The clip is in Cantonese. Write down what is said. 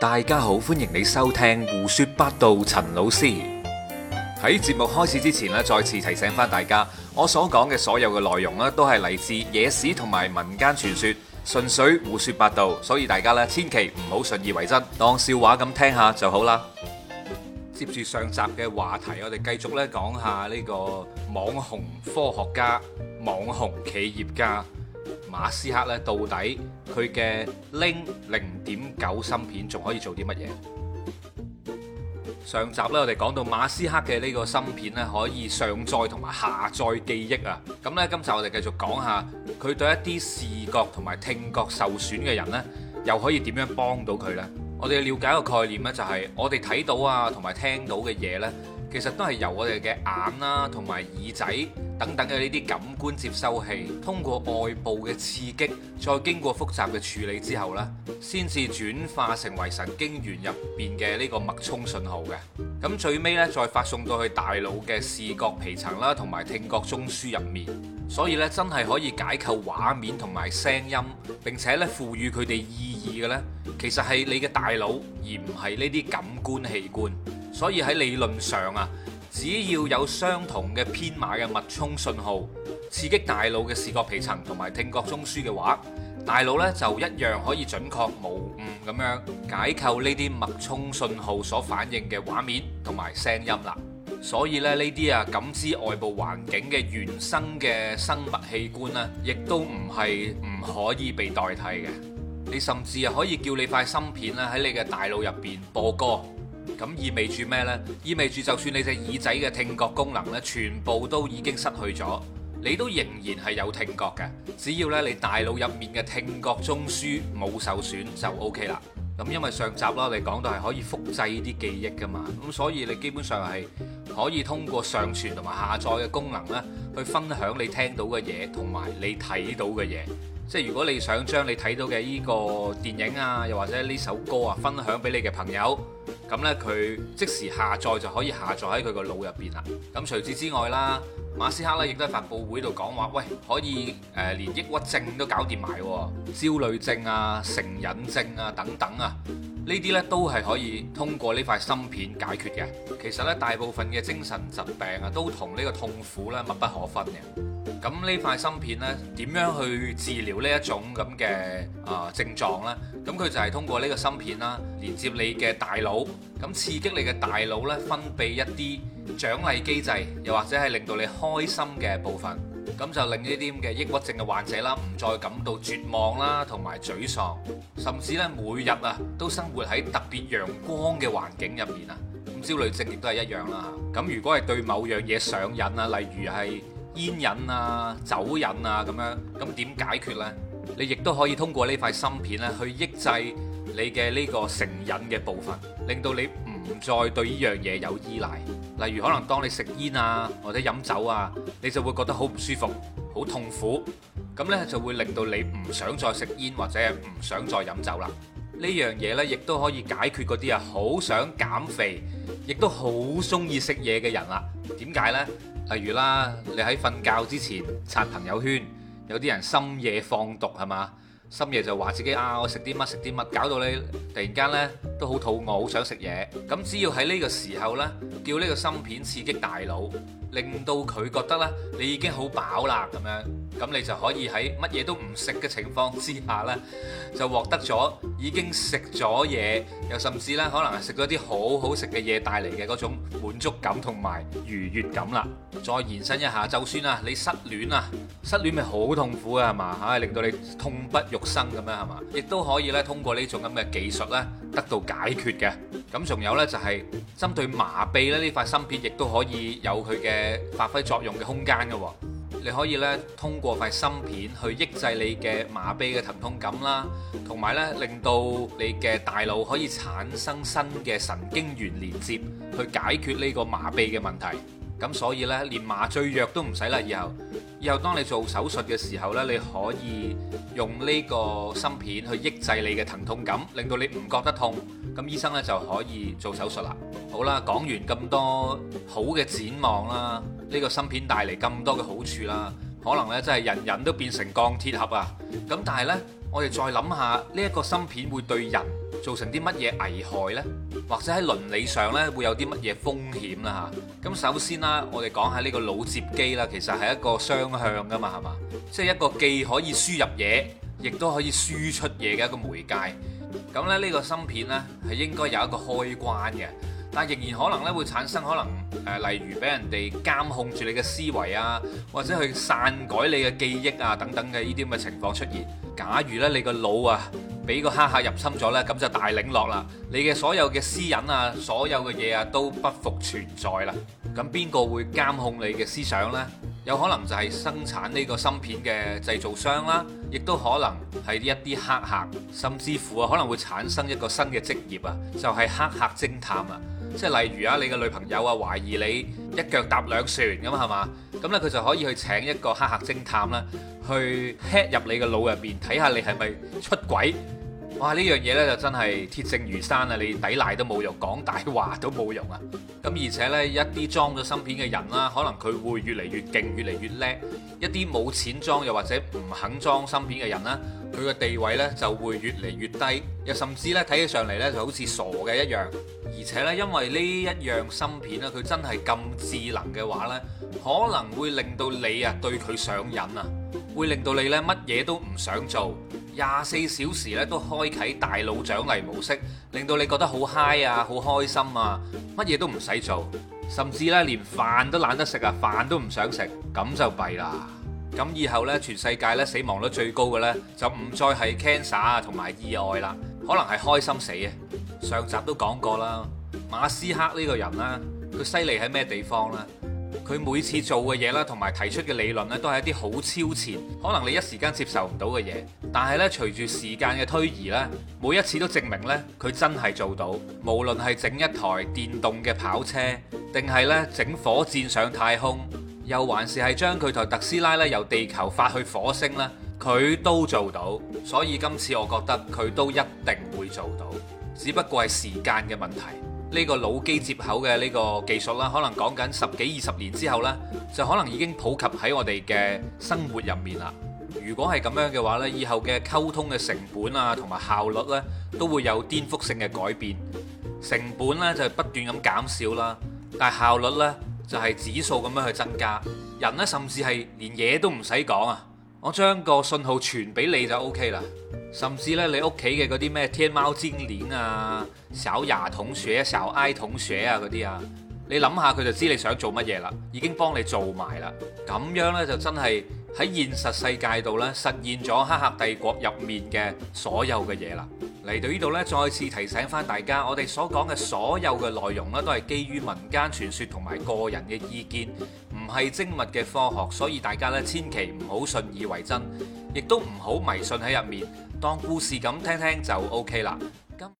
大家好，歡迎你收聽胡說八道。陳老師喺節目開始之前咧，再次提醒翻大家，我所講嘅所有嘅內容咧，都係嚟自野史同埋民間傳說，純粹胡說八道，所以大家咧千祈唔好信以為真，當笑話咁聽下就好啦。接住上集嘅話題，我哋繼續咧講下呢個網紅科學家，網紅企業家。馬斯克咧，到底佢嘅 Link 零點九芯片仲可以做啲乜嘢？上集咧，我哋講到馬斯克嘅呢個芯片咧，可以上載同埋下載記憶啊。咁咧，今集我哋繼續講下佢對一啲視覺同埋聽覺受損嘅人咧，又可以點樣幫到佢呢？我哋了解一個概念咧，就係我哋睇到啊，同埋聽到嘅嘢咧。其實都係由我哋嘅眼啦，同埋耳仔等等嘅呢啲感官接收器，通過外部嘅刺激，再經過複雜嘅處理之後呢，先至轉化成為神經元入邊嘅呢個脈沖信號嘅。咁最尾呢，再發送到去大腦嘅視覺皮層啦，同埋聽覺中樞入面。所以呢，真係可以解構畫面同埋聲音，並且呢，賦予佢哋意義嘅呢，其實係你嘅大腦，而唔係呢啲感官器官。所以喺理論上啊，只要有相同嘅編碼嘅脈衝信號刺激大腦嘅視覺皮層同埋聽覺中樞嘅話，大腦呢就一樣可以準確無誤咁樣解構呢啲脈衝信號所反映嘅畫面同埋聲音啦。所以咧，呢啲啊感知外部環境嘅原生嘅生物器官呢，亦都唔係唔可以被代替嘅。你甚至啊可以叫你塊芯片咧喺你嘅大腦入邊播歌。咁意味住咩呢？意味住就算你隻耳仔嘅聽覺功能咧，全部都已經失去咗，你都仍然係有聽覺嘅。只要咧你大腦入面嘅聽覺中樞冇受損就 OK 啦。咁因為上集啦，我哋講到係可以複製啲記憶噶嘛，咁所以你基本上係可以通過上傳同埋下載嘅功能咧，去分享你聽到嘅嘢同埋你睇到嘅嘢。即係如果你想將你睇到嘅呢個電影啊，又或者呢首歌啊，分享俾你嘅朋友。咁呢，佢即時下載就可以下載喺佢個腦入邊啦。咁除此之外啦，馬斯克呢亦都喺發佈會度講話，喂，可以誒連抑鬱症都搞掂埋，焦慮症啊、成癮症啊等等啊。呢啲咧都係可以通過呢塊芯片解決嘅。其實咧，大部分嘅精神疾病啊，都同呢個痛苦咧密不可分嘅。咁呢塊芯片咧，點樣去治療呢一種咁嘅啊症狀咧？咁佢就係通過呢個芯片啦，連接你嘅大腦，咁刺激你嘅大腦咧分泌一啲獎勵機制，又或者係令到你開心嘅部分。咁就令呢啲咁嘅抑鬱症嘅患者啦，唔再感到絕望啦，同埋沮喪，甚至呢每日啊都生活喺特別陽光嘅環境入面啊。咁焦慮症亦都係一樣啦。咁如果係對某樣嘢上癮啊，例如係煙癮啊、酒癮啊咁樣，咁點解決呢？你亦都可以通過呢塊芯片咧去抑制你嘅呢個成癮嘅部分，令到你，唔再對呢樣嘢有依賴，例如可能當你食煙啊或者飲酒啊，你就會覺得好唔舒服、好痛苦，咁呢，就會令到你唔想再食煙或者係唔想再飲酒啦。呢樣嘢呢，亦都可以解決嗰啲啊好想減肥，亦都好中意食嘢嘅人啦、啊。點解呢？例如啦，你喺瞓覺之前刷朋友圈，有啲人深夜放毒係嘛？深夜就話自己啊，我食啲乜食啲乜，搞到你突然間呢都好肚餓，好想食嘢。咁只要喺呢個時候呢，叫呢個芯片刺激大腦，令到佢覺得呢：「你已經好飽啦」咁樣。咁你就可以喺乜嘢都唔食嘅情況之下咧，就獲得咗已經食咗嘢，又甚至咧可能係食咗啲好好食嘅嘢帶嚟嘅嗰種滿足感同埋愉悅感啦。再延伸一下，就算啊，你失戀啊，失戀咪好痛苦啊，係嘛嚇，令到你痛不欲生咁樣係嘛，亦都可以咧通過呢種咁嘅技術咧得到解決嘅。咁仲有咧就係針對麻痹咧呢塊芯片，亦都可以有佢嘅發揮作用嘅空間嘅喎。你可以咧通過塊芯片去抑制你嘅麻痹嘅疼痛感啦，同埋咧令到你嘅大腦可以產生新嘅神經元連接，去解決呢個麻痹嘅問題。咁所以呢，連麻醉藥都唔使啦。以後，以後當你做手術嘅時候呢，你可以用呢個芯片去抑制你嘅疼痛感，令到你唔覺得痛。咁醫生呢就可以做手術啦。好啦，講完咁多好嘅展望啦，呢個芯片帶嚟咁多嘅好處啦，可能呢真係人人都變成鋼鐵俠啊！咁但係呢，我哋再諗下呢一個芯片會對人。造成啲乜嘢危害呢？或者喺倫理上呢，會有啲乜嘢風險啦嚇？咁首先啦，我哋講下呢個腦接機啦，其實係一個雙向噶嘛，係嘛？即係一個既可以輸入嘢，亦都可以輸出嘢嘅一個媒介。咁咧呢、呢個芯片呢，係應該有一個開關嘅，但仍然可能呢，會產生可能誒，例如俾人哋監控住你嘅思維啊，或者去篡改你嘅記憶啊等等嘅呢啲咁嘅情況出現。假如呢，你個腦啊～俾個黑客入侵咗呢，咁就大領落啦！你嘅所有嘅私隱啊，所有嘅嘢啊，都不復存在啦。咁邊個會監控你嘅思想呢？有可能就係生產呢個芯片嘅製造商啦，亦都可能係一啲黑客，甚至乎啊，可能會產生一個新嘅職業啊，就係黑客偵探啊！即係例如啊，你嘅女朋友啊，懷疑你一腳踏兩船咁係嘛？咁呢，佢就可以去請一個黑客偵探啦，去 hack 入你嘅腦入邊，睇下你係咪出軌。哇！呢樣嘢呢，就真係鐵證如山啊！你抵賴都冇用，講大話都冇用啊！咁而且呢，一啲裝咗芯片嘅人啦，可能佢會越嚟越勁，越嚟越叻；一啲冇錢裝又或者唔肯裝芯片嘅人啦，佢個地位呢就會越嚟越低，又甚至呢，睇起上嚟呢就好似傻嘅一樣。而且呢，因為呢一樣芯片呢，佢真係咁智能嘅話呢，可能會令到你啊對佢上癮啊！會令到你咧乜嘢都唔想做，廿四小時咧都開啟大腦獎勵模式，令到你覺得好嗨啊，好開心啊，乜嘢都唔使做，甚至咧連飯都懶得食啊，飯都唔想食，咁就弊啦。咁以後咧，全世界咧死亡率最高嘅呢，就唔再係 cancer 同埋意外啦，可能係開心死啊。上集都講過啦，馬斯克呢個人咧，佢犀利喺咩地方咧？佢每次做嘅嘢啦，同埋提出嘅理論呢，都係一啲好超前，可能你一時間接受唔到嘅嘢。但係呢，隨住時間嘅推移呢，每一次都證明呢，佢真係做到。無論係整一台電動嘅跑車，定係呢整火箭上太空，又還是係將佢台特斯拉呢由地球發去火星呢，佢都做到。所以今次我覺得佢都一定會做到，只不過係時間嘅問題。呢個腦機接口嘅呢個技術啦，可能講緊十幾二十年之後呢，就可能已經普及喺我哋嘅生活入面啦。如果係咁樣嘅話呢，以後嘅溝通嘅成本啊，同埋效率呢，都會有顛覆性嘅改變。成本呢，就係不斷咁減少啦，但係效率呢，就係指數咁樣去增加。人呢，甚至係連嘢都唔使講啊，我將個信號傳俾你就 OK 啦。甚至咧，你屋企嘅嗰啲咩天貓精靈啊，小雅同學啊、小愛同學啊，嗰啲啊，你諗下佢就知你想做乜嘢啦，已經幫你做埋啦。咁樣呢，就真係喺現實世界度呢，實現咗黑客帝國入面嘅所有嘅嘢啦。嚟到呢度呢，再次提醒翻大家，我哋所講嘅所有嘅內容呢，都係基於民間傳說同埋個人嘅意見，唔係精密嘅科學，所以大家呢，千祈唔好信以為真，亦都唔好迷信喺入面。當故事咁聽聽就 OK 啦。